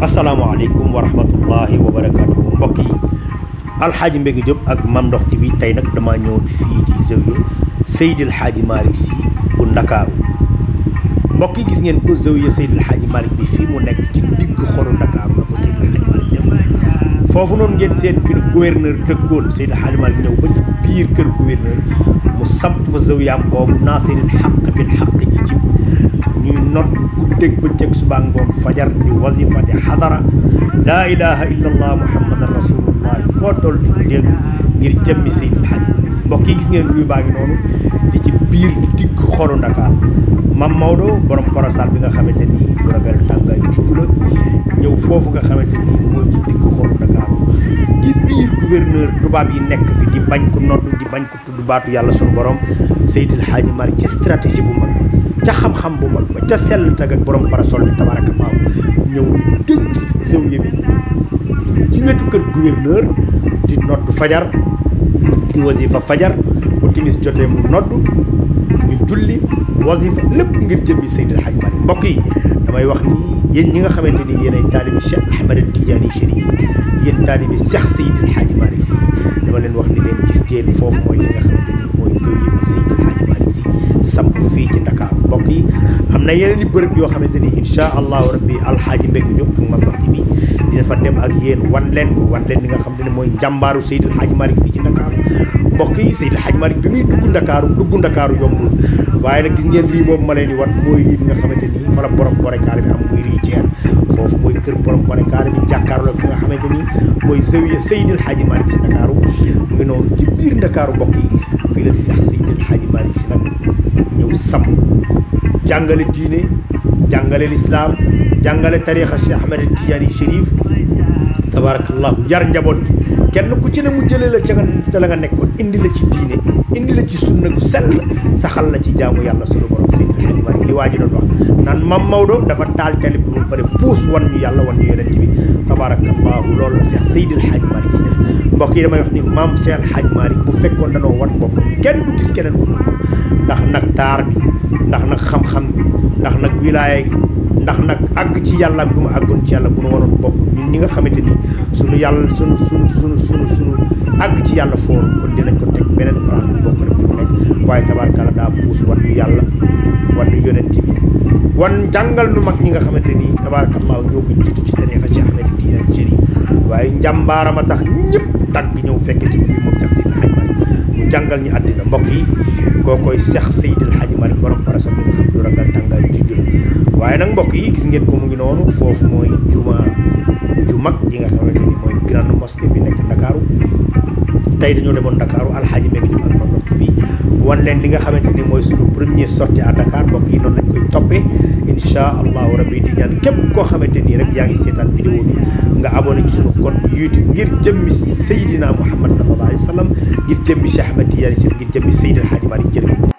asalaamaaleykum wa rahmatullahi wa barakaatu mbokk yi alxaaji Mbéngue Diop ak Mame Ndokh TV tey nag damaa ñëwoon fii ci zawiya Seydil Xaaji Malick Sy bu Ndakaaru mbokk yi gis ngeen ko zawiya Seydil Xaaji Malick bi fii mu nekk ci digg xolu Ndakaaru la ko Seydil Xaaji Malick def foofu noonu ngeen seen fi gouverneur dëkkoon Seydil Xaaji Malick ñëw ba ci biir kër gouverneur mu samp fa zawiyaam boobu Naasiril Xaq bil Xaq guddeeg bëccëg subaa ngoon fajar di wazifa di xadara laa ilaha illa allah muhammadan rasulullahi foo toll di dégg ngir jëmmi Seydil Hadji Malick mbokk yi gis ngeen rue baa ngi noonu di ci biir di digg xolu Ndakaar Mam Maodo borom korosal bi nga xamante ni du ragal tàngaay juggu la ñëw foofu nga xamante ni mooy di biir gouverneur tubaab yi nekk fi di bañ ko nodd di bañ ko tudd baatu yàlla sunu borom Seydil Hadji Malick ci stratégie bu mag ca xam-xam bu mag ba ca sell tag ak borom parasol bi tabaraka baaw ñëw ñu tëj zawiya bi ci wetu kër gouverneur di noddu fajar di wasifa fajar bu timis jotee mu noddu ñu julli wasifa lépp ngir jëmmi Seydi El Hadj Malick mbokk yi damay wax ni yéen ñi nga xamante ni yéen ay taalibi Cheikh yi yéen taalibi Cheikh Seydi El Hadj si dama leen wax ni leen gis ngeen foofu mooy fi nga xamante ni mooy zawiya bi Seydi El Hadj Malick si samp fii am na yeneen i bërëb yoo xamante ni incha allahu rabbi alxaaji Mbéngue Diop ak Mame Makhtar bi dina fa dem ak yéen wan leen ko wan leen li nga xam ne mooy njàmbaaru Seydi El Hadji Malick fii ci Ndakaaru mbokk yi Seydi El Hadji Malick bi Ndakaaru dugg Ndakaaru yombul waaye nag gis ngeen rii boobu ma leen di wan mooy rii xamante ni fa la borom korekaar bi am foofu mooy kër borom korekaar bi jàkkaarloo fi nga xamante ni mooy zawiya Seydi El Hadji Malick si Ndakaaru mu ngi Ndakaaru mbokk yi fii la sax Seydi El Hadji si nag ñëw samp jàngale diine jàngale lislaam jàngale tariixa Cheikh Ahmed Tidiane Chérif tabarakallahu yar njaboot gi kenn ku ci ne mu jëlee la ca nga la nga nekkoon indi la ci diine indi la ci sunna gu sell saxal na ci jaamu yàlla sunu borom Seydi El Hadji li waa ji doon wax naan Mam Maodo dafa taal tali bi ba puus wan ñu yàlla wan ñu yonent bi tabarakallahu loolu la Cheikh Seydi El Hadji si def mbokk yi damay wax ni maam Cheikh El Hadji bu fekkoon danoo wan kenn du gis keneen ko ndax nag xam-xam bi ndax nag wilaaya gi ndax nag àgg ci yàlla bi mu àggoon ci yàlla bu nu wanoon bopp ñun ñi nga xamante ni sunu yàlla sunu sunu sunu sunu sunu àgg ci yàlla foor kon dinañ ko teg beneen place bu bokk rek bi mu nekk waaye tabarkalla daa puus wan ñu yàlla wan ñu yonent bi wan jàngal nu mag ñi nga xamante ni tabarakallaahu ñoo ko jiitu ci tariixa ci Ahmed ci Chérif waaye njàmbaarama tax ñëpp tàgg ñëw fekk ci ko fi moom jàngal ñu àddina mbokk yi koo koy Seex Seydil Hadji Malick borom parasol bi nga xam du ragal tàngaay jujju la waaye nag mbokk yi gis ngeen ko mu ngi noonu foofu mooy juma ju mag yi nga xamante ni mooy grande mosquée bi nekk Ndakaaru tey dañoo demoon Ndakaaru alxaaji meegi ñu ak Mame Ndokh bi wan leen li nga xamante ni mooy suñu premier sortie a Dakar mbokk yi noonu lañ koy toppee incha allahu rabbi di ñaan képp koo xamante nii rek yaa ngi seetaan vidéo bi nga abonné ci sunu compte YouTube ngir jëmmi Seydina Mouhamed sallallahu alayhi wa sallam ngir jëmmi Cheikh Ahmed Tidiane Chérif ngir jëmmi Seydina rek Malick jërëjëf